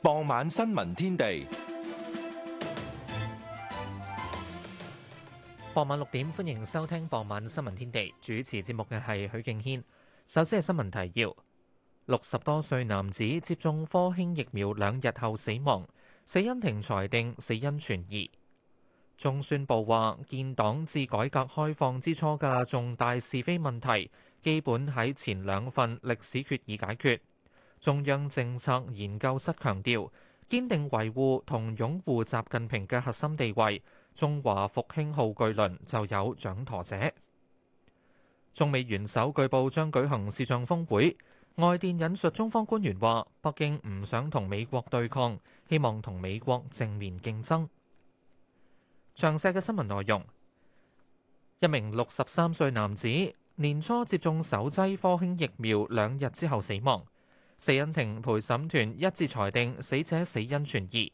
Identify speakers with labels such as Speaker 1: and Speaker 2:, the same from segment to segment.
Speaker 1: 傍晚新聞天地，傍晚六點，歡迎收聽傍晚新聞天地。主持節目嘅係許敬軒。首先係新聞提要：六十多歲男子接種科興疫苗兩日後死亡，死因庭裁定死因存疑。中宣部話，建黨至改革開放之初嘅重大是非問題，基本喺前兩份歷史決議解決。中央政策研究室強調，堅定維護同擁護習近平嘅核心地位。中華復興號巨輪就有掌舵者。中美元首據報將舉行視像峰會，外電引述中方官員話：北京唔想同美國對抗，希望同美國正面競爭。詳細嘅新聞內容，一名六十三歲男子年初接種首劑科興疫苗兩日之後死亡。死因庭陪，陪審團一致裁定死者死因存疑。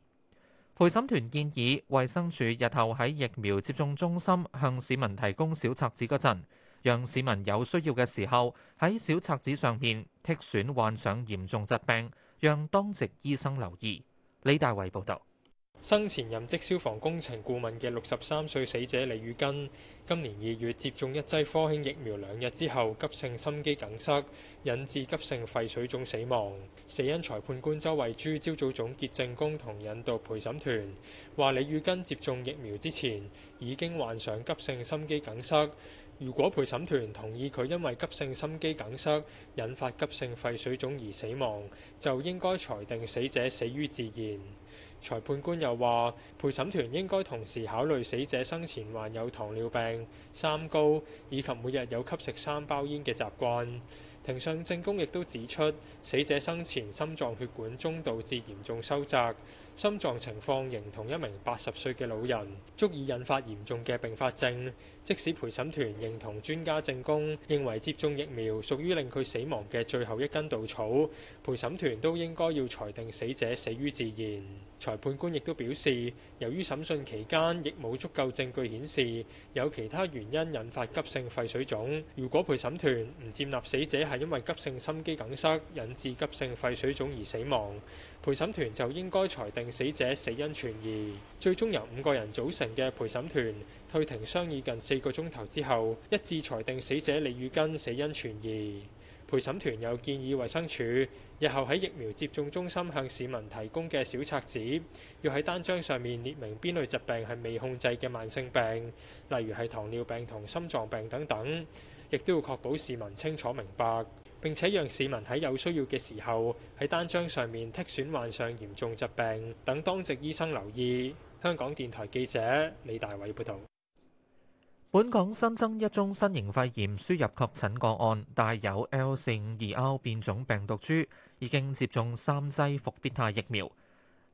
Speaker 1: 陪審團建議衛生署日後喺疫苗接種中心向市民提供小冊子嗰陣，讓市民有需要嘅時候喺小冊子上面剔選患上嚴重疾病，讓當值醫生留意。李大偉報導。
Speaker 2: 生前任職消防工程顧問嘅六十三歲死者李宇根，今年二月接種一劑科興疫苗兩日之後，急性心肌梗塞引致急性肺水腫死亡。死因裁判官周慧珠朝早總結證供同引導陪審團，話李宇根接種疫苗之前已經患上急性心肌梗塞。如果陪審團同意佢因為急性心肌梗塞引發急性肺水腫而死亡，就應該裁定死者死於自然。裁判官又話：陪審團應該同時考慮死者生前患有糖尿病、三高，以及每日有吸食三包煙嘅習慣。庭上證供亦都指出，死者生前心臟血管中導致嚴重收窄，心臟情況仍同一名八十歲嘅老人，足以引發嚴重嘅併發症。即使陪審團認同專家證供，認為接種疫苗屬於令佢死亡嘅最後一根稻草，陪審團都應該要裁定死者死於自然。裁判官亦都表示，由於審訊期間亦冇足夠證據顯示有其他原因引發急性肺水腫，如果陪審團唔接納死者係因為急性心肌梗塞引致急性肺水腫而死亡。陪審團就應該裁定死者死因存疑。最終由五個人組成嘅陪審團退庭商議近四個鐘頭之後，一致裁定死者李宇根死因存疑。陪審團又建議衞生署日後喺疫苗接種中心向市民提供嘅小冊子，要喺單張上面列明邊類疾病係未控制嘅慢性病，例如係糖尿病同心臟病等等，亦都要確保市民清楚明白。並且讓市民喺有需要嘅時候，喺單張上面剔選患上嚴重疾病等，當值醫生留意。香港電台記者李大偉報導。
Speaker 1: 本港新增一宗新型肺炎輸入確診個案，帶有 L452R 變種病毒株，已經接種三劑復必泰疫苗。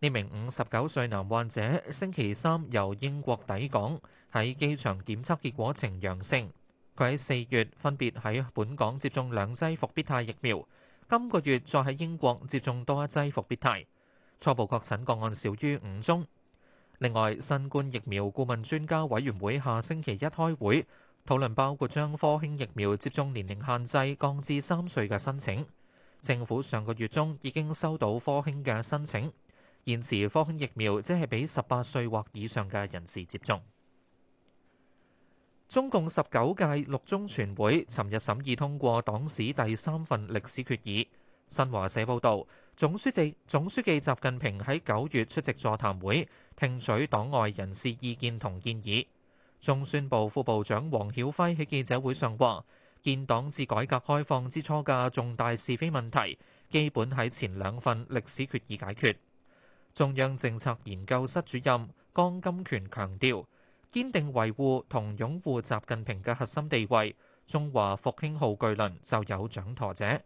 Speaker 1: 呢名五十九歲男患者星期三由英國抵港，喺機場檢測結果呈陽性。佢喺四月分別喺本港接種兩劑復必泰疫苗，今個月再喺英國接種多一劑復必泰。初步確診個案少於五宗。另外，新冠疫苗顧問專家委員會下星期一開會討論，包括將科興疫苗接種年齡限制降至三歲嘅申請，政府上個月中已經收到科興嘅申請，現時科興疫苗只係俾十八歲或以上嘅人士接種。中共十九屆六中全會尋日審議通過黨史第三份歷史決議。新華社報道，總書記總書記習近平喺九月出席座談會聽取黨外人士意見同建議。中宣部副部長王曉輝喺記者會上話建黨至改革開放之初嘅重大是非問題基本喺前兩份歷史決議解決，中央政策研究室主任江金權強調。堅定維護同擁護習近平嘅核心地位，中華復興號巨輪
Speaker 3: 就有掌舵者。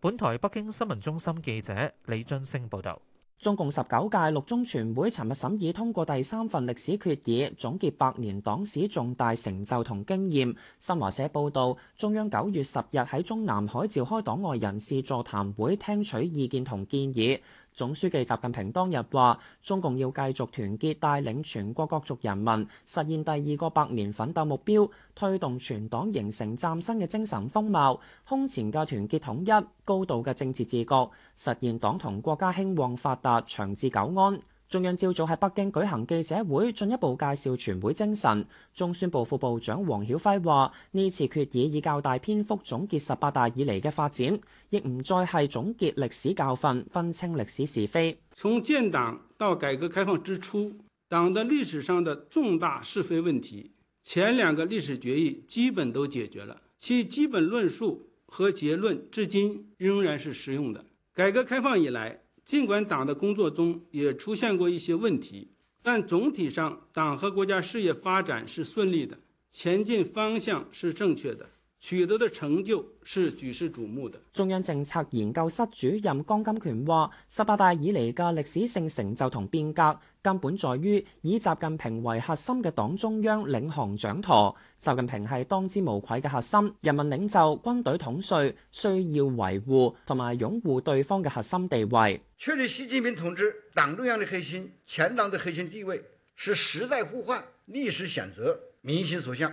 Speaker 3: 本台北京新聞中心記者李津升報道，中共十九屆六中全會尋日審議通過第三份歷史決議，總結百年黨史重大成就同經驗。新華社報導，中央九月十日喺中南海召開黨外人士座談會，聽取意見同建議。總書記習近平當日話：中共要繼續團結帶領全國各族人民，實現第二個百年奮鬥目標，推動全黨形成嶄新嘅精神風貌，空前嘅團結統一，高度嘅政治自覺，實現黨同國家興旺發達，長治久安。中央朝早喺北京舉行記者會，進一步介紹全會精神。中宣部副部長黃曉輝話：呢次決議以較大篇幅總結十八大以嚟嘅發展，亦唔再係總結歷史教訓、分清歷史是非。
Speaker 4: 從建黨到改革開放之初，黨的歷史上的重大是非問題，前兩個歷史決議基本都解決了，其基本論述和結論至今仍然是適用的。改革開放以來，盡管黨的工作中也出現過一些問題，但總體上黨和國家事業發展是順利的，前進方向是正確的。取得的成就是
Speaker 3: 舉世矚目的。中央政策研究室主任江金權話：十八大以嚟嘅歷史性成就同變革，根本在於以習近平為核心嘅黨中央領航掌舵。習近平係當之無愧嘅核心，人民領袖，軍隊統帥，需要維護同埋擁護對方嘅核心地位。
Speaker 5: 確立習近平同志黨中央的核心、全黨的核心地位，是時代呼喚、歷史選擇、民心所向。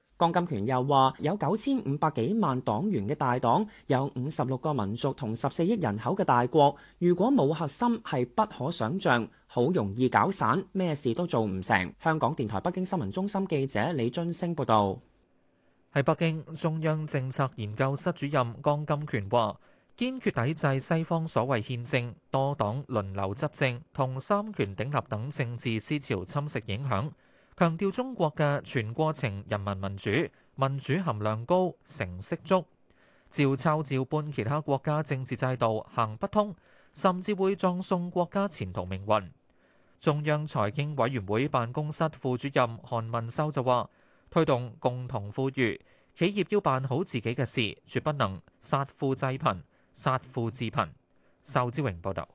Speaker 3: 江金權又話：有九千五百幾萬黨員嘅大黨，有五十六個民族同十四億人口嘅大國，如果冇核心係不可想像，好容易搞散，咩事都做唔成。香港電台北京新聞中心記者李津星報道。
Speaker 1: 喺北京，中央政策研究室主任江金權話：堅決抵制西方所謂憲政、多黨輪流執政同三權鼎立等政治思潮侵蝕影響。強調中國嘅全過程人民民主，民主含量高、成色足。照抄照搬其他國家政治制度行不通，甚至會葬送國家前途命運。中央財經委員會辦公室副主任韓文秀就話：推動共同富裕，企業要辦好自己嘅事，絕不能殺富濟貧、殺富致貧。劉之榮報導。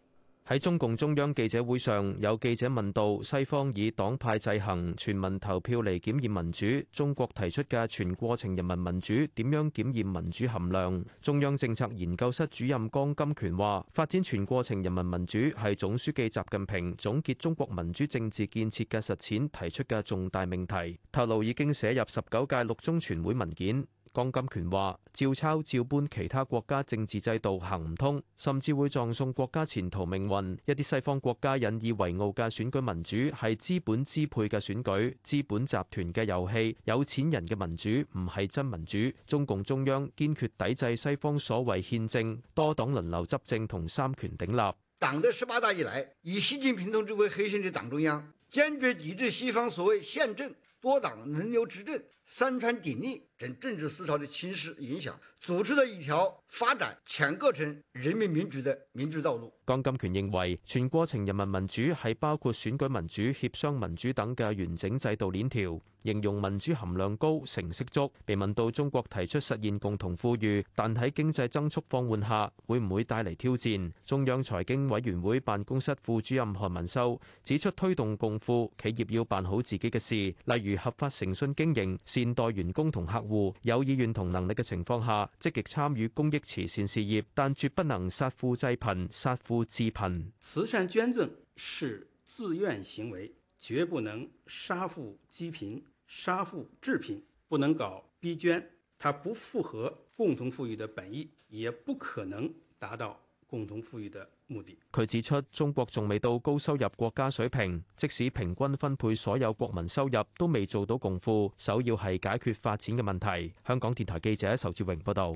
Speaker 6: 喺中共中央記者會上，有記者問到西方以黨派制衡、全民投票嚟檢驗民主，中國提出嘅全過程人民民主點樣檢驗民主含量？中央政策研究室主任江金權話，發展全過程人民民主係總書記習近平總結中國民主政治建設嘅實踐提出嘅重大命題，透露已經寫入十九屆六中全會文件。江金權話：照抄照搬其他國家政治制度行唔通，甚至會葬送國家前途命運。一啲西方國家引以為傲嘅選舉民主係資本支配嘅選舉，資本集團嘅遊戲，有錢人嘅民主唔係真民主。中共中央堅決抵制西方所謂憲政、多黨輪流執政同三權鼎立。
Speaker 5: 黨的十八大以來，以習近平同志為核心的黨中央堅決抵制西方所謂憲政、多黨輪流執政。三權鼎立等政治思潮的侵蝕影響，走出了一條發展全過程人民民主的民主道路。
Speaker 6: 江金權認為，全過程人民民主係包括選舉民主、協商民主等嘅完整制度鏈條，形容民主含量高、成色足。被問到中國提出實現共同富裕，但喺經濟增速放緩下，會唔會帶嚟挑戰？中央財經委員會辦公室副主任韓文秀指出，推動共富，企業要辦好自己嘅事，例如合法、誠信經營。善待員工同客戶，有意願同能力嘅情況下，積極參與公益慈善事業，但絕不能殺富濟貧、殺富致貧。
Speaker 4: 慈善捐贈是自願行為，絕不能殺富濟貧、殺富致貧，不能搞逼捐，它不符合共同富裕的本意，也不可能達到共同富裕的目的。
Speaker 6: 佢指出，中國仲未到高收入國家水平，即使平均分配所有國民收入，都未做到共富。首要係解決發展嘅問題。香港電台記者仇志榮
Speaker 1: 報道。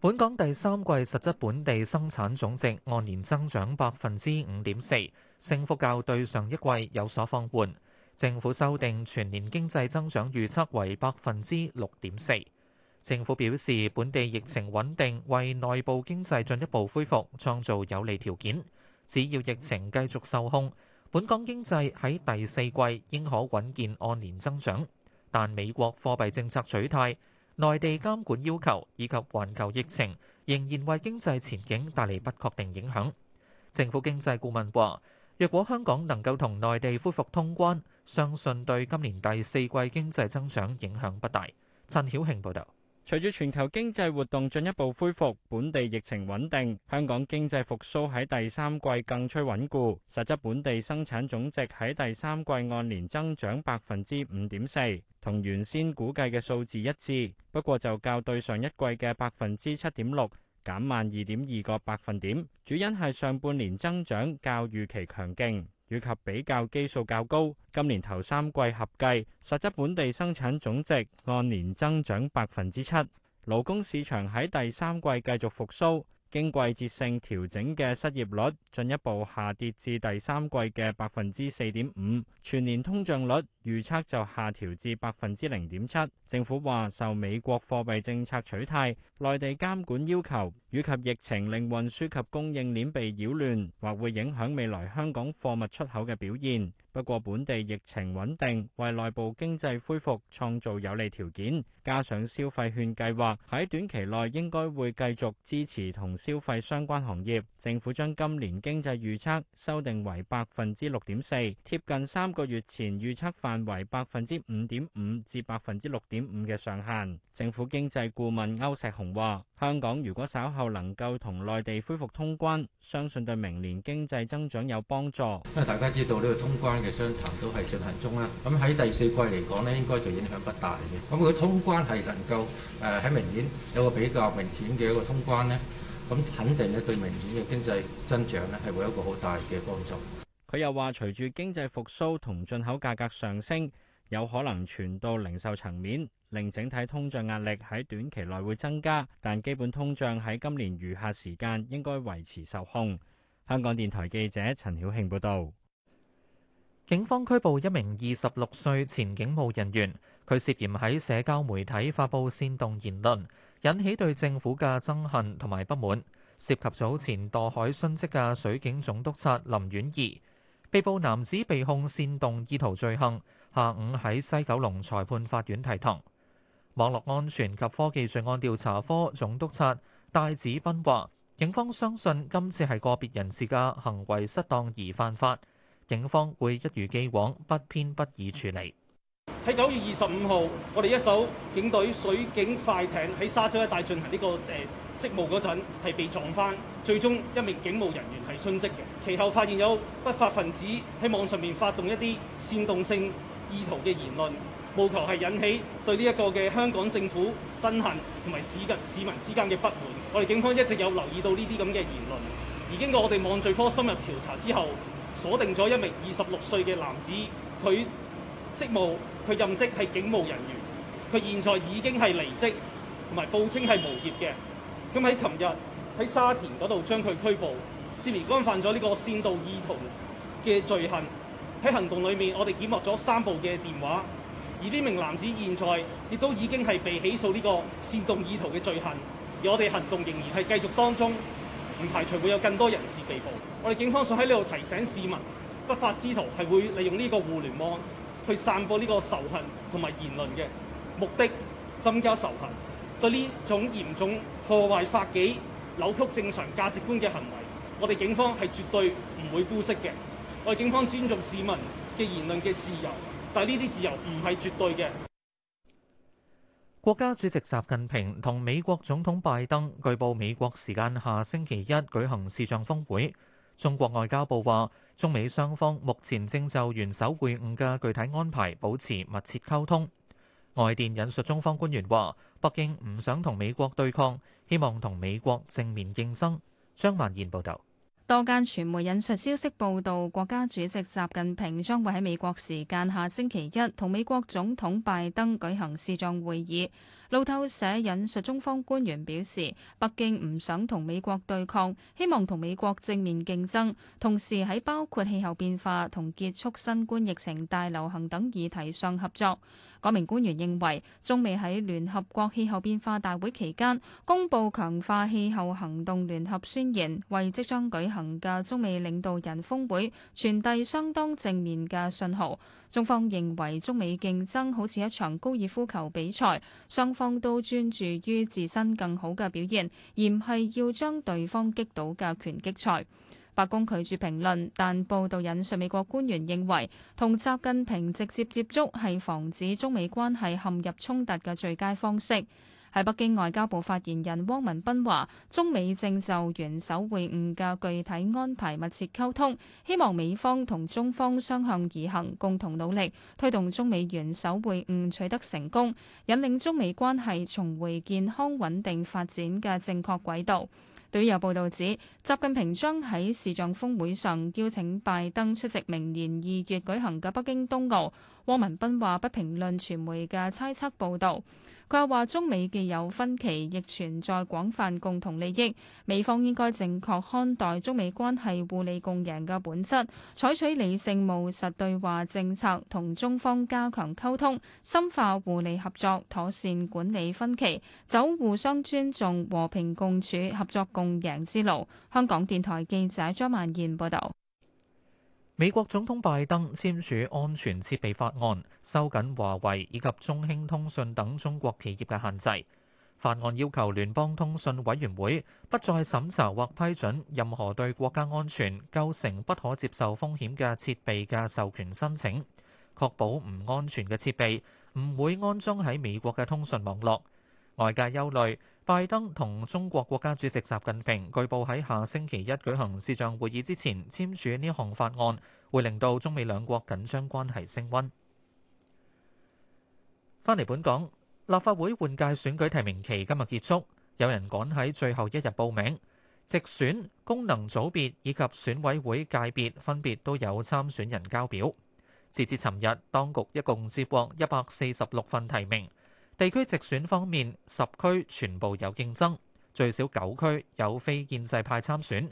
Speaker 1: 本港第三季實質本地生產總值按年增長百分之五點四，升幅較對上一季有所放緩。政府修訂全年經濟增長預測為百分之六點四。政府表示，本地疫情穩定，為內部經濟進一步恢復創造有利條件。只要疫情繼續受控，本港經濟喺第四季應可穩健按年增長。但美國貨幣政策取態、內地監管要求以及環球疫情仍然為經濟前景帶嚟不確定影響。政府經濟顧問話，若果香港能夠同內地恢復通關，相信對今年第四季經濟增長影響不大。陳曉慶報道。隨住
Speaker 5: 全球經濟活動進一步恢復，本地疫情穩定，香港經濟復甦喺第三季更趨穩固。實質本地生產總值喺第三季按年增長百分之五點四，同原先估計嘅數字一致。不過就較對上一季嘅百分之七點六減慢二點二個百分點，主因係上半年增長較預期強勁。以及比較基數較高，今年頭三季合計實質本地生產總值按年增長百分之七，勞工市場喺第三季繼續復甦。經季節性調整嘅失業率進一步下跌至第三季嘅百分之四點五，全年通脹率預測就下調至百分之零點七。政府話受美國貨幣政策取態、內地監管要求以及疫情令運輸及供應鏈被擾亂，或會影響未來香港貨物出口嘅表現。不過本地疫情穩定，為內部經濟恢復創造有利條件。加上消費券計劃喺短期內應該會繼續支持同消費相關行業。政府將今年經濟預測修訂為百分之六點四，貼近三個月前預測範圍百分之五點五至百分之六點五嘅上限。政府經濟顧問歐石雄話：香港如果稍後能夠同內地恢復通關，相信對明年經濟增長有幫助。因為大家知道呢個通關嘅。商談都係進行中
Speaker 3: 啦，咁喺第四季嚟講呢，應該就影響不大嘅。咁佢通關係能夠誒喺明年有個比較明顯嘅一個通關呢，咁肯定呢對明年嘅經濟增
Speaker 2: 長
Speaker 6: 呢係會有一個好大嘅幫助。
Speaker 5: 佢又話，隨住經濟復甦同進口價格上升，有可能傳到零售層面，令整體通脹壓力喺短期內會增加，但基本通脹喺今年餘下時間應該維持受控。
Speaker 1: 香港電台記者陳曉慶報導。警方拘捕一名二十六歲前警務人員，佢涉嫌喺社交媒體發布煽動言論，引起對政府嘅憎恨同埋不滿。涉及早前墮海殉職嘅水警總督察林婉儀。被捕男子被控煽動意圖罪行，下午喺西九龍裁判法院提堂。網絡安全及科技罪案調查科總督察戴子斌話，警方相信今次係個別人士嘅行為失當而犯法。警方會一如既往不偏不倚處理。
Speaker 4: 喺九月二十五號，我哋一艘警隊水警快艇喺沙洲一帶進行呢、這個誒、呃、職務嗰陣，係被撞翻，最終一名警務人員係殉職嘅。其後發現有不法分子喺網上面發動一啲煽動性意圖嘅言論，務求係引起對呢一個嘅香港政府憎恨同埋市及市民之間嘅不滿。我哋警方一直有留意到呢啲咁嘅言論，而經過我哋網罪科深入調查之後，鎖定咗一名二十六歲嘅男子，佢職務佢任職係警務人員，佢現在已經係離職同埋報稱係無業嘅。咁喺琴日喺沙田嗰度將佢拘捕，涉嫌干犯咗呢個煽動意圖嘅罪行。喺行動裏面，我哋檢獲咗三部嘅電話，而呢名男子現在亦都已經係被起訴呢個煽動意圖嘅罪行。而我哋行動仍然係繼續當中，唔排除會有更多人士被捕。我哋警方想喺呢度提醒市民，不法之徒係會利用呢個互聯網去散播呢個仇恨同埋言論嘅目的，增加仇恨。對呢種嚴重破壞法紀、扭曲正常價值觀嘅行為，我哋警方係絕對唔會姑息嘅。我哋警方尊重市民嘅言論嘅自由，但係呢啲自由唔係絕對嘅。
Speaker 1: 國家主席習近平同美國總統拜登據報美國時間下星期一舉行視像峰會。中國外交部話，中美雙方目前正就元首會晤嘅具體安排保持密切溝通。外電引述中方官員話，北京唔想同美國對抗，希望同美國正面競爭。張曼燕報道，
Speaker 7: 多間傳媒引述消息報道，國家主席習近平將會喺美國時間下星期一，同美國總統拜登舉行視像會議。路透社引述中方官員表示，北京唔想同美國對抗，希望同美國正面競爭，同時喺包括氣候變化同結束新冠疫情大流行等議題上合作。該名官員認為，中美喺聯合國氣候變化大會期間公佈強化氣候行動聯合宣言，為即將舉行嘅中美領導人峰會傳遞相當正面嘅信號。中方認為，中美競爭好似一場高爾夫球比賽，雙方都專注於自身更好嘅表現，而唔係要將對方擊倒嘅拳擊賽。白宮拒絕評論，但報道引述美國官員認為，同習近平直接接觸係防止中美關係陷入衝突嘅最佳方式。喺北京外交部發言人汪文斌話，中美正就元首會晤嘅具體安排密切溝通，希望美方同中方相向而行，共同努力推動中美元首會晤取得成功，引領中美關係重回健康穩定發展嘅正確軌道。對於有報道指習近平將喺視像峰會上邀請拜登出席明年二月舉行嘅北京冬奧會，汪文斌話不評論傳媒嘅猜測報道。佢話：中美既有分歧，亦存在廣泛共同利益。美方應該正確看待中美關係互利共贏嘅本質，採取理性務實對話政策，同中方加強溝通，深化互利合作，妥善管理分歧，走互相尊重、和平共處、合作共贏之路。香港電台記者張曼燕報道。
Speaker 1: 美國總統拜登簽署安全設備法案，收緊華為以及中興通訊等中國企業嘅限制。法案要求聯邦通訊委員會不再審查或批准任何對國家安全構成不可接受風險嘅設備嘅授權申請，確保唔安全嘅設備唔會安裝喺美國嘅通訊網絡。外界憂慮。拜登同中國國家主席習近平據報喺下星期一舉行視像會議之前簽署呢項法案，會令到中美兩國緊張關係升溫。返嚟本港，立法會換屆選舉提名期今日結束，有人趕喺最後一日報名。直選、功能組別以及選委會界別分別都有參選人交表。截至尋日，當局一共接獲一百四十六份提名。地區直選方面，十區全部有競爭，最少九區有非建制派參選。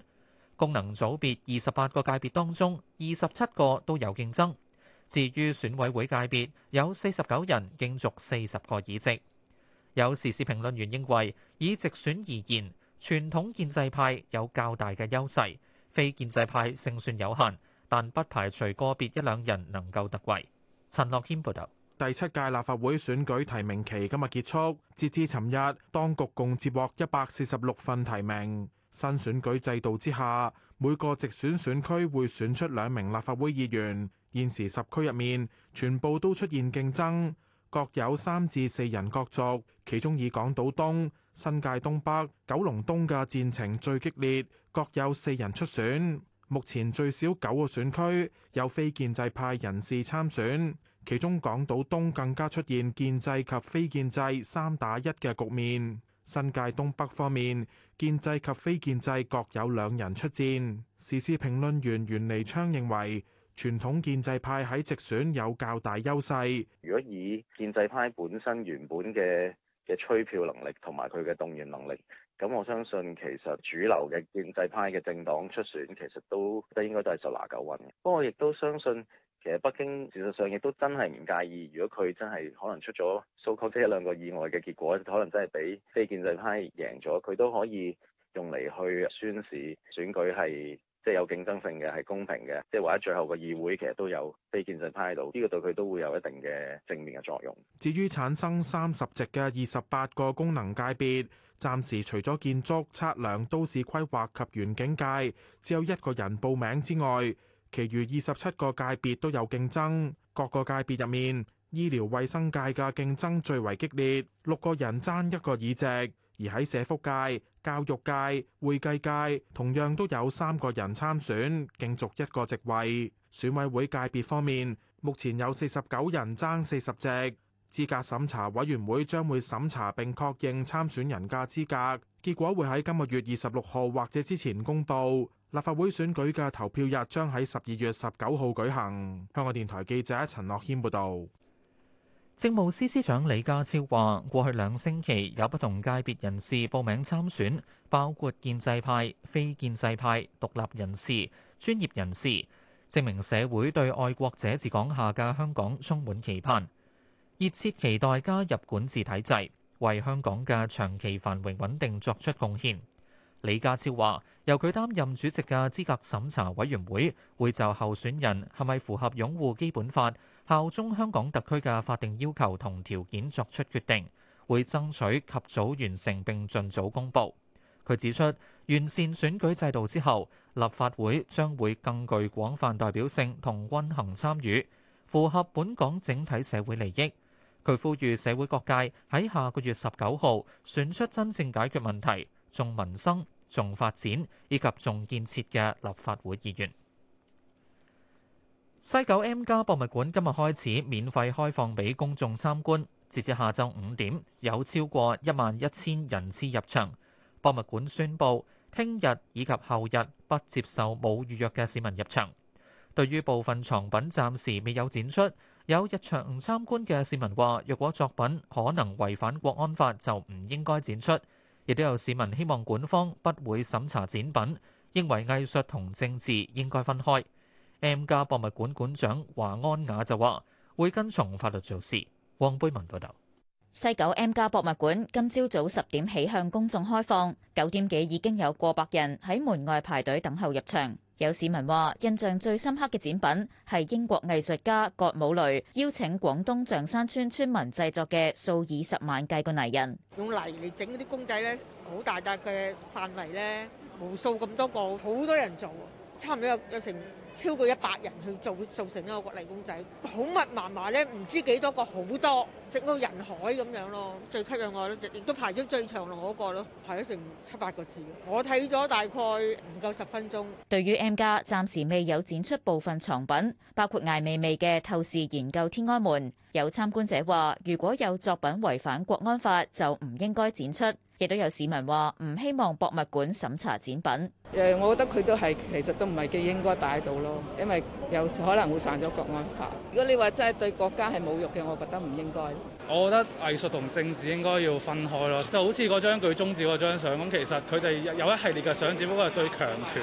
Speaker 1: 功能組別二十八個界別當中，二十七個都有競爭。至於選委會界別，有四十九人競逐四十個議席。有時事評論員認為，以直選而言，傳統建制派有較大嘅優勢，非建制派勝算有限，但不排除個別一兩人能夠得位。陳樂
Speaker 8: 謙報道。第七屆立法會選舉提名期今日結束，截至尋日，當局共接獲一百四十六份提名。新選舉制度之下，每個直選選區會選出兩名立法會議員。現時十區入面，全部都出現競爭，各有三至四人角逐。其中以港島東、新界東北、九龍東嘅戰情最激烈，各有四人出選。目前最少九個選區，有非建制派人士參選。其中港島東更加出現建制及非建制三打一嘅局面。新界東北方面，建制及非建制各有兩人出戰。時事評論員袁利昌認為傳統建制派喺直選有較大優勢，
Speaker 4: 如果以建制派本身原本嘅嘅催票能力同埋佢嘅動員能力，咁我相信其實主流嘅建制派嘅政黨出選其實都都應該都係十拿九穩嘅。不過我亦都相信。其實北京事實上亦都真係唔介意，如果佢真係可能出咗數即一兩個意外嘅結果，可能真係俾非建制派贏咗，佢都可以用嚟去宣示選舉係即係有競爭性嘅，係公平嘅，即係或者最後個議會其實都有非建制派喺度，呢個對佢都會有一定嘅正面嘅作用。
Speaker 8: 至於產生三十席嘅二十八個功能界別，暫時除咗建築、測量、都市規劃及園景界，只有一個人報名之外。其餘二十七個界別都有競爭，各個界別入面，醫療衛生界嘅競爭最為激烈，六個人爭一個議席。而喺社福界、教育界、會計界，同樣都有三個人參選，競逐一個席位。選委會界別方面，目前有四十九人爭四十席。資格審查委員會將會審查並確認參選人嘅資格，結果會喺今個月二十六號或者之前公布。立法會選舉嘅投票日將喺十二月十九號舉行。香港電台記者陳樂謙報道。政務司司長李家超話，過去兩星期有不同界別
Speaker 1: 人士報名參選，包括建制派、非建制派、獨立人士、專業人士，證明社會對愛國者治港下嘅香港充滿期盼，熱切期待加入管治體制，為香港嘅長期繁榮穩定作出貢獻。李家超話：由佢擔任主席嘅資格審查委員會會就候選人係咪符合擁護基本法、效忠香港特區嘅法定要求同條件作出決定，會爭取及早完成並儘早公佈。佢指出，完善選舉制度之後，立法會將會更具廣泛代表性同均衡參與，符合本港整體社會利益。佢呼籲社會各界喺下個月十九號選出真正解決問題、重民生、重發展以及重建設嘅立法會議員。西九 M 家博物館今日開始免費開放俾公眾參觀，截至下晝五點，有超過一萬一千人次入場。博物館宣布，聽日以及後日不接受冇預約嘅市民入場。對於部分藏品暫時未有展出，有入場參觀嘅市民話，若果作品可能違反國安法，就唔應該展出。亦都有市民希望館方不會審查展品，認為藝術同政治應該分開。M+ 博物館館長華安雅就話會跟從法律做事。黃貝文報道。
Speaker 9: 西九 M+ 博物館今朝早十點起向公眾開放，九點幾已經有過百人喺門外排隊等候入場。有市民話：印象最深刻嘅展品係英國藝術家葛姆雷邀請廣東象山村村民製作嘅數以十萬計個泥人，
Speaker 10: 用泥嚟整嗰啲公仔咧，好大笪嘅範圍咧，無數咁多個，好多人做，差唔多有有成超過一百人去做造成一個泥公仔，好密麻麻咧，唔知幾多個，好多，整到人海咁樣咯。最吸引我咧，亦都排咗最長龍嗰個咯，排咗成七八個字。我睇咗大概唔夠十分鐘。
Speaker 9: 對於 M 家，暫時未有展出部分藏品，包括艾未未嘅透視研究天安門。有參觀者話：如果有作品違反國安法，就唔應該展出。亦都有市民話：唔希望博物館審查展品。誒，我覺得佢都係其實都唔係
Speaker 7: 幾應該擺到咯，因為有時可能會犯咗國安法。如果你話真係對國家係侮辱嘅，我覺得唔應該。
Speaker 4: 我覺得藝術同政治應該要分開咯，就好似嗰張據中指嗰張相咁，其實佢哋有一系列嘅相，只不過係對強權。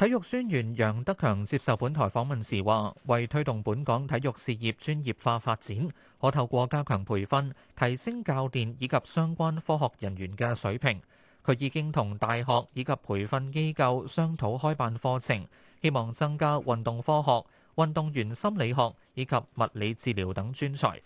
Speaker 1: 體育專員，楊德強接受本台訪問時話，為推動本港體育事業專業化發展，可透過加強培訓、提升教練以及相關科學人員嘅水平。佢已經同大學以及培訓機構商討開辦課程，希望增加運動科學、運動員心理學以及物理治療等專才。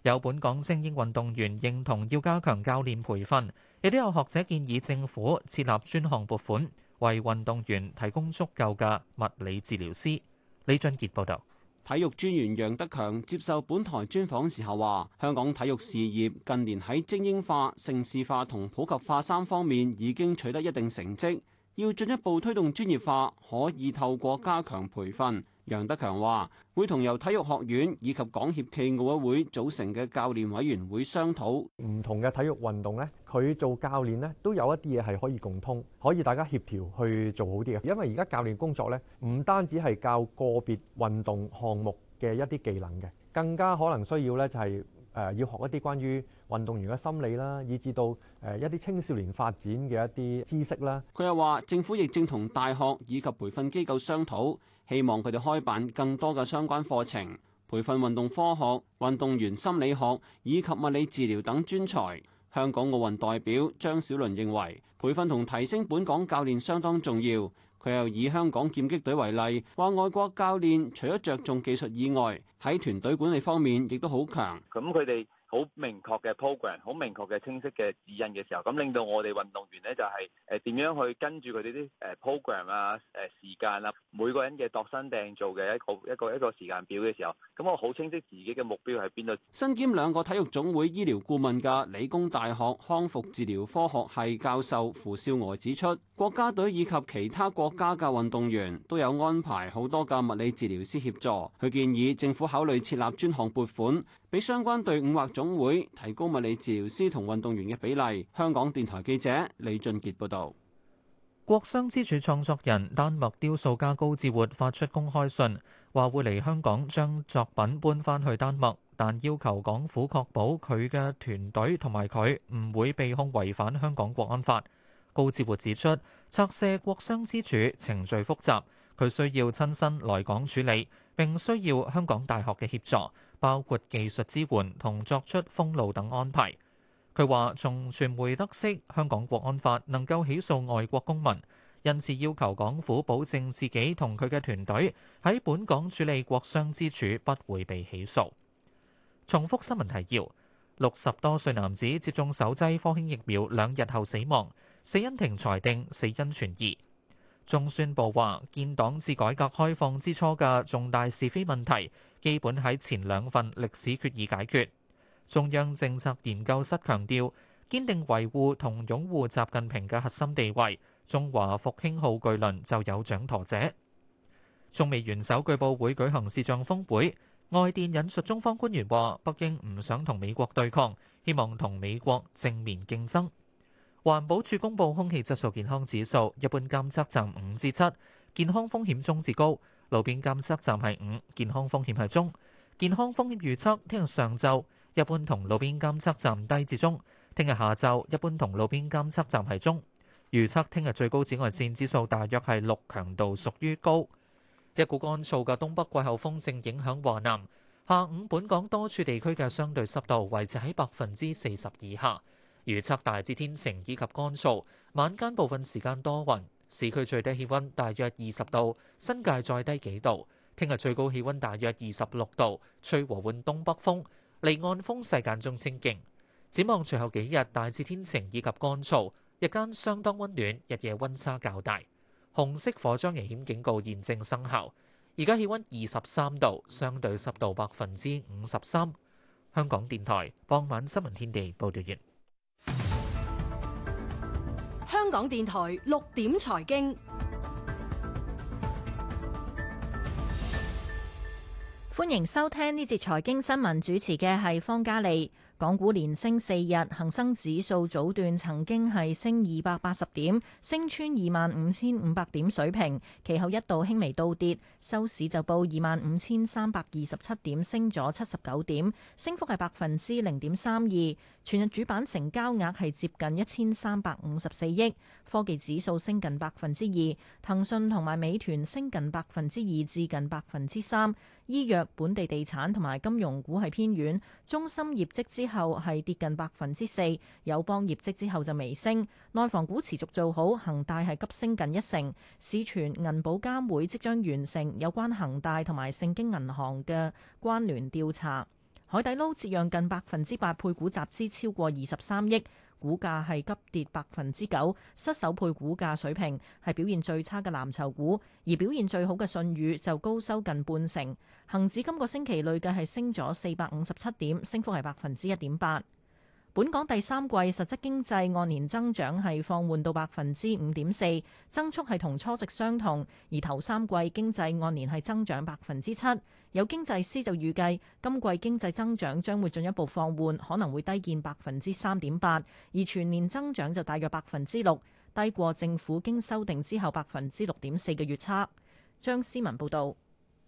Speaker 1: 有本港精英運動員認同要加強教練培訓，亦都有學者建議政府設立專項撥款。為運動員提供足夠嘅物理治療師。李俊杰報道。
Speaker 11: 體育專員楊德強接受本台專訪時候話，香港體育事業近年喺精英化、城市化同普及化三方面已經取得一定成績，要進一步推動專業化，可以透過加強培訓。楊德強話，會同由體育學院以及港協暨奧委會組成嘅
Speaker 3: 教練委員會商討唔同嘅體育運動呢，佢做教練呢都有一啲嘢係可以共通，可以大家協調去做好啲嘅。因為而家教練工作呢，唔單止係教個別運動項目嘅一啲技能嘅，更加可能需要呢就係誒要學一啲關於運動員嘅心理啦，以至到誒一啲青少年發展嘅一啲知識啦。
Speaker 11: 佢又話，政府亦正同大學以及培訓機構商討。希望佢哋開辦更多嘅相關課程，培訓運動科學、運動員心理學以及物理治療等專才。香港奧運代表張小倫認為，培訓同提升本港教練相當重要。佢又以香港劍擊隊為例，話外國教練除咗着重技術以外，喺團隊管理方面亦都好強。
Speaker 4: 咁佢哋。好明確嘅 program，好明確嘅清晰嘅指引嘅時候，咁令到我哋運動員咧
Speaker 1: 就係誒點樣去跟住佢哋啲誒 program 啊、誒時間啊，每個人嘅度身
Speaker 4: 訂做嘅一個一個一個時間表嘅時候，咁我好清晰自己嘅目標係邊度。
Speaker 11: 身兼兩個體育總會醫療顧問嘅理工大學康復治療科學系教授符少娥指出，國家隊以及其他國家嘅運動員都有安排好多嘅物理治療師協助。佢建，建議政府考慮設立專項撥款。俾相關隊伍或總會提高物理治療師同運動員嘅比例。香港電台記者李俊傑報導。
Speaker 1: 國殤之柱創作人丹麥雕塑家高志活發出公開信，話會嚟香港將作品搬返去丹麥，但要求港府確保佢嘅團隊同埋佢唔會被控違反香港國安法。高志活指出，拆卸國殤之柱程序複雜，佢需要親身來港處理，並需要香港大學嘅協助。包括技術支援同作出封路等安排。佢話：從傳媒得悉香港國安法能夠起訴外國公民，因此要求港府保證自己同佢嘅團隊喺本港處理國商之處不會被起訴。重複新聞提要：六十多歲男子接種首劑科興疫苗兩日後死亡，死因庭裁定死因存疑。仲宣佈話：建黨至改革開放之初嘅重大是非問題。基本喺前兩份歷史決議解決。中央政策研究室強調，堅定維護同擁護習近平嘅核心地位，中華復興號巨輪就有掌舵者。中美元首據報會舉行視像峰會，外電引述中方官員話：北京唔想同美國對抗，希望同美國正面競爭。環保署公布空氣質素健康指數，一般監測站五至七，健康風險中至高。路邊監測站係五，健康風險係中。健康風險預測：聽日上晝一般同路邊監測站低至中；聽日下晝一般同路邊監測站係中。預測聽日最高紫外線指數大約係六，強度屬於高。一股乾燥嘅東北季候風正影響華南，下午本港多處地區嘅相對濕度維持喺百分之四十以下。預測大致天晴以及乾燥，晚間部分時間多雲。市區最低氣温大約二十度，新界再低幾度。聽日最高氣温大約二十六度，吹和緩東北風，離岸風勢間中清勁。展望隨後幾日，大致天晴以及乾燥，日間相當温暖，日夜温差較大。紅色火災危險警告現正生效。而家氣温二十三度，相對濕度百分之五十三。香港電台傍晚新聞天地報道完。
Speaker 12: 香港電台六點財經，歡迎收聽呢節財經新聞，主持嘅係方嘉利。港股連升四日，恒生指數早段曾經係升二百八十點，升穿二萬五千五百點水平，其後一度輕微倒跌，收市就報二萬五千三百二十七點，升咗七十九點，升幅係百分之零點三二。全日主板成交額係接近一千三百五十四億，科技指數升近百分之二，騰訊同埋美團升近百分之二至近百分之三，醫藥、本地地產同埋金融股係偏軟，中芯業績之後係跌近百分之四，友邦業績之後就微升，內房股持續做好，恒大係急升近一成，市傳銀保監會即將完成有關恒大同埋盛京銀行嘅關聯調查。海底撈折讓近百分之八，配股集資超過二十三億，股價係急跌百分之九，失守配股價水平，係表現最差嘅藍籌股。而表現最好嘅信譽就高收近半成。恒指今個星期累計係升咗四百五十七點，升幅係百分之一點八。本港第三季實質經濟按年增長係放緩到百分之五點四，增速係同初值相同。而頭三季經濟按年係增長百分之七。有經濟師就預計，今季經濟增長將會進一步放緩，可能會低見百分之三點八，而全年增長就大約百分之六，低過政府經修訂之後百分之六點四嘅預測。張思文報導。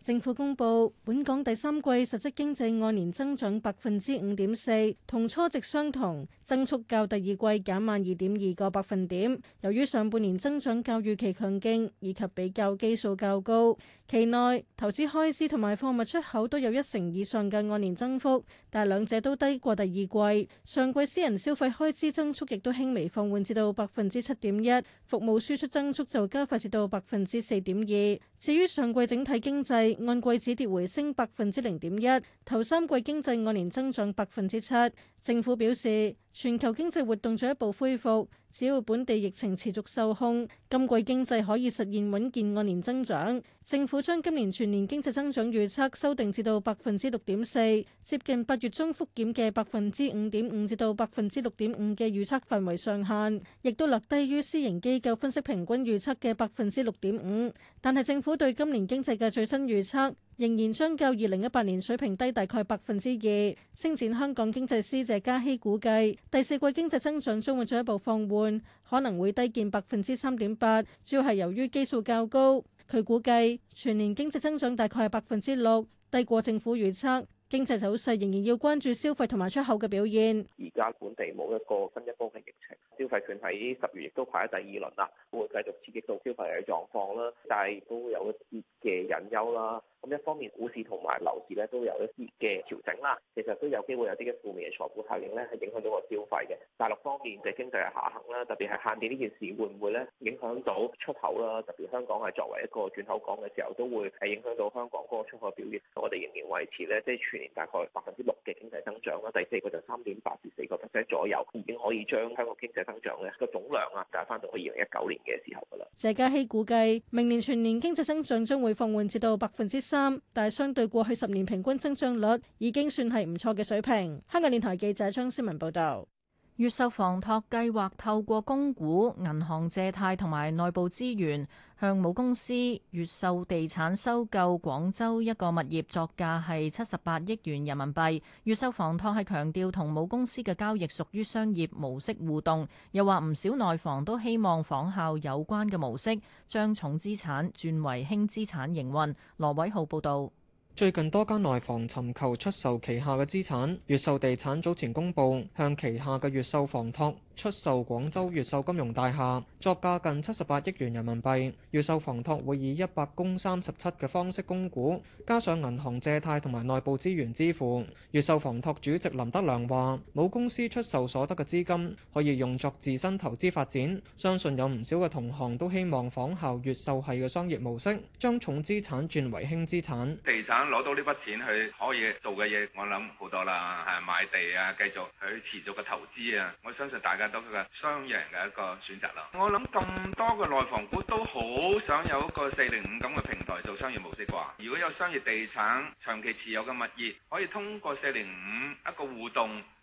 Speaker 13: 政府公布本港第三季實質經濟按年增長百分之五點四，同初值相同，增速較第二季減慢二點二個百分點。由於上半年增長較預期強勁，以及比較基數較高，期內投資開支同埋貨物出口都有一成以上嘅按年增幅，但兩者都低過第二季。上季私人消費開支增速亦都輕微放緩至到百分之七點一，服務輸出增速就加快至到百分之四點二。至於上季整體經濟，按季止跌回升百分之零點一，頭三季經濟按年增長百分之七。政府表示，全球經濟活動進一步恢復，只要本地疫情持續受控，今季經濟可以實現穩健按年增長，政府將今年全年經濟增長預測修訂至到百分之六點四，接近八月中復檢嘅百分之五點五至到百分之六點五嘅預測範圍上限，亦都略低於私營機構分析平均預測嘅百分之六點五。但係政府對今年經濟嘅最新預測仍然將較二零一八年水平低大概百分之二。星展香港經濟師謝家熙估計，第四季經濟增長將會進一步放緩，可能會低見百分之三點八，主要係由於基數較高。佢估計全年經濟增長大概係百分之六，低過政府預測。經濟走勢仍然要關注消費同埋出口嘅表現。
Speaker 3: 而家本地冇一個新一波嘅疫情。消費券喺十月亦都排喺第二輪啦，會繼續刺激到消費嘅狀況啦，但係都會有一啲嘅隱憂啦。咁一方面股市同埋樓市咧都有一啲嘅調整啦，其實都有機會有啲嘅負面嘅財富效應咧係影響到個消費嘅。大陸方面嘅經濟係下行啦，特別係限電呢件事會唔會咧影響到出口啦？特別香港係作為一個轉口港嘅時候，都會係影響到香港嗰個出口表現。我哋仍然維持咧，即係全年大概百分之六。經濟增長啦，第四個就三點八至四個 percent 左右，已經可以將香港經濟增長咧個總量啊，帶翻到去二零一九年嘅時候噶啦。
Speaker 13: 謝佳熙估計明年全年經濟增長將會放緩至到百分之三，但係相對過去十年平均增長率已經算係唔錯嘅水平。香港電台記者張思文報道。越秀房託計劃透過供股、銀
Speaker 12: 行借貸同埋內部資源，向母公司越秀地產收購廣州一個物業，作價係七十八億元人民幣。越秀房託係強調同母公司嘅交易屬於商業模式互動，又話唔少內房都希望仿效有關嘅模式，將重資產轉為輕資產營運，羅偉浩報道。
Speaker 10: 最近多間內房尋求出售旗下嘅資產，越秀地產早前公布向旗下嘅越秀房託。出售廣州越秀金融大廈作價近七十八億元人民幣，越秀房託會以一百公三十七嘅方式供股，加上銀行借貸同埋內部資源支付。越秀房託主席林德良話，母公司出售所得嘅資金可以用作自身投資發展，相信有唔少嘅同行都希望仿效越秀系嘅商業模式，將重資產轉為輕資產。
Speaker 4: 地產攞到呢筆錢去可以做嘅嘢，我諗好多啦，係買地
Speaker 5: 啊，繼續去持續嘅投資啊，我相信大家。到佢嘅雙贏嘅一個選擇咯，
Speaker 10: 我
Speaker 1: 諗咁多嘅內房股
Speaker 3: 都好想有一個四零五咁嘅平台做商業模式啩，如果有商業地產長期持有嘅物業，可以通過四零五一個互動。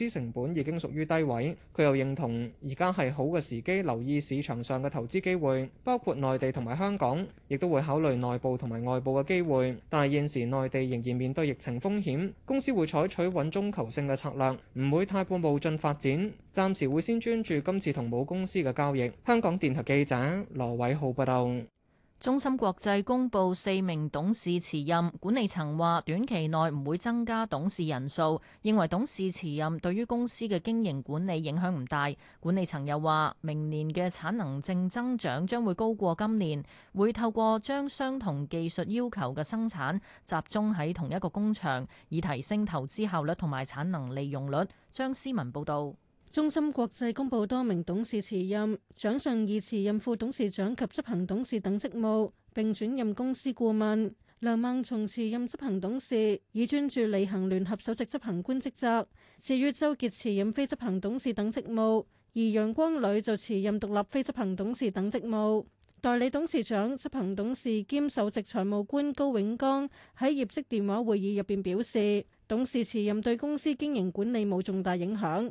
Speaker 10: 資成本已經屬於低位，佢又認同而家係好嘅時機，留意市場上嘅投資機會，包括內地同埋香港，亦都會考慮內部同埋外部嘅機會。但係現時內地仍然面對疫情風險，公司會採取穩中求勝嘅策略，唔會太過冒進發展。暫時會先專注今次同母公司嘅交易。香港電台記者羅偉浩報道。
Speaker 12: 中芯國際公布四名董事辭任，管理層話短期內唔會增加董事人數，認為董事辭任對於公司嘅經營管理影響唔大。管理層又話，明年嘅產能正增長將會高過今年，會透過將相同技術要求嘅生產集中喺同一個工場，以提升投資效率同埋產能利用率。張思文報導。
Speaker 13: 中芯國際公布多名董事辭任，蔣尚義辭任副董事長及執行董事等職務，並轉任公司顧問。梁孟松辭任執行董事，以專注履行聯合首席執行官職責。至於周杰辭任非執行董事等職務，而楊光磊就辭任獨立非執行董事等職務。代理董事長、執行董事兼首席財務官高永剛喺業績電話會議入邊表示，董事辭任對公司經營管理冇重大影響。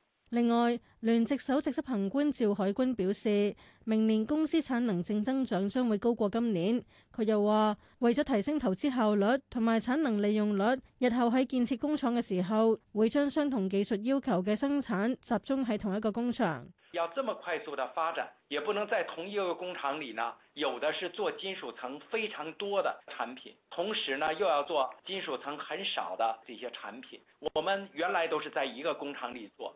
Speaker 13: 另外，聯席首席執行官趙海軍表示，明年公司產能正增長將會高過今年。佢又話，為咗提升投資效率同埋產能利用率，日後喺建設工廠嘅時候，會將相同技術要求嘅生產集中喺同一個工廠。
Speaker 5: 要這麼快速的發展，也不能在同一個工廠裏呢，有的是做金屬層非常多的產品，同時呢又要做金屬層很少的這些產品。我們原來都是在一個工廠裏做。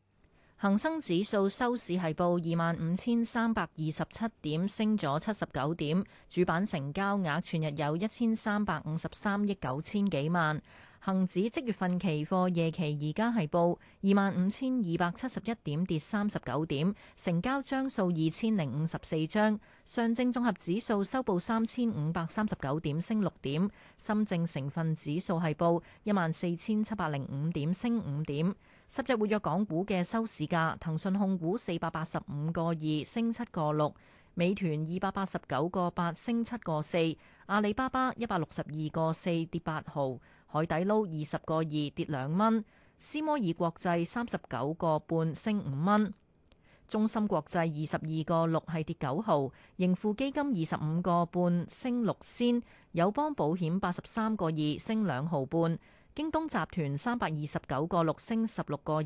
Speaker 12: 恒生指數收市係報二萬五千三百二十七點，升咗七十九點。主板成交額全日有一千三百五十三億九千幾萬。恒指即月份期貨夜期而家係報二萬五千二百七十一點，跌三十九點，成交張數二千零五十四張。上證綜合指數收報三千五百三十九點，升六點。深證成分指數係報一萬四千七百零五點，升五點。十隻活躍港股嘅收市價，騰訊控股四百八十五個二，升七個六；美團二百八十九個八，升七個四；阿里巴巴一百六十二個四，跌八毫；海底撈二十個二，跌兩蚊；斯摩爾國際三十九個半，升五蚊；中芯國際二十二個六，係跌九毫；盈富基金二十五個半，升六仙；友邦保險八十三個二，升兩毫半。京東集團三百二十九個六升十六個二，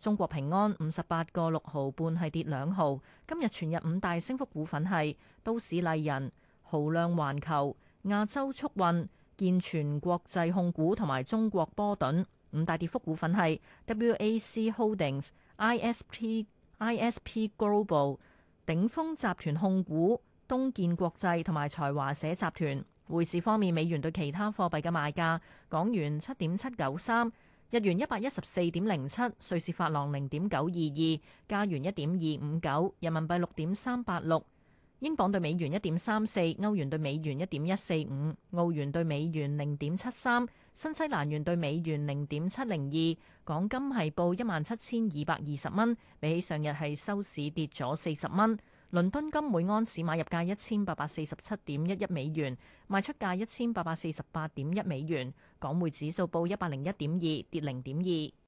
Speaker 12: 中國平安五十八個六毫半係跌兩毫。今日全日五大升幅股份係都市麗人、豪亮環球、亞洲速運、健全國際控股同埋中國波頓。五大跌幅股份係 WAC Holdings、ISP、ISP Global、鼎峰集團控股、東建國際同埋財華社集團。匯市方面，美元對其他貨幣嘅賣價：港元七點七九三，日元一百一十四點零七，瑞士法郎零點九二二，加元一點二五九，人民幣六點三八六，英鎊對美元一點三四，歐元對美元一點一四五，澳元對美元零點七三，新西蘭元對美元零點七零二。港金係報一萬七千二百二十蚊，比起上日係收市跌咗四十蚊。倫敦金每安士買入價一千八百四十七點一一美元，賣出價一千八百四十八點一美元。港匯指數報一百零一點二，跌零點二。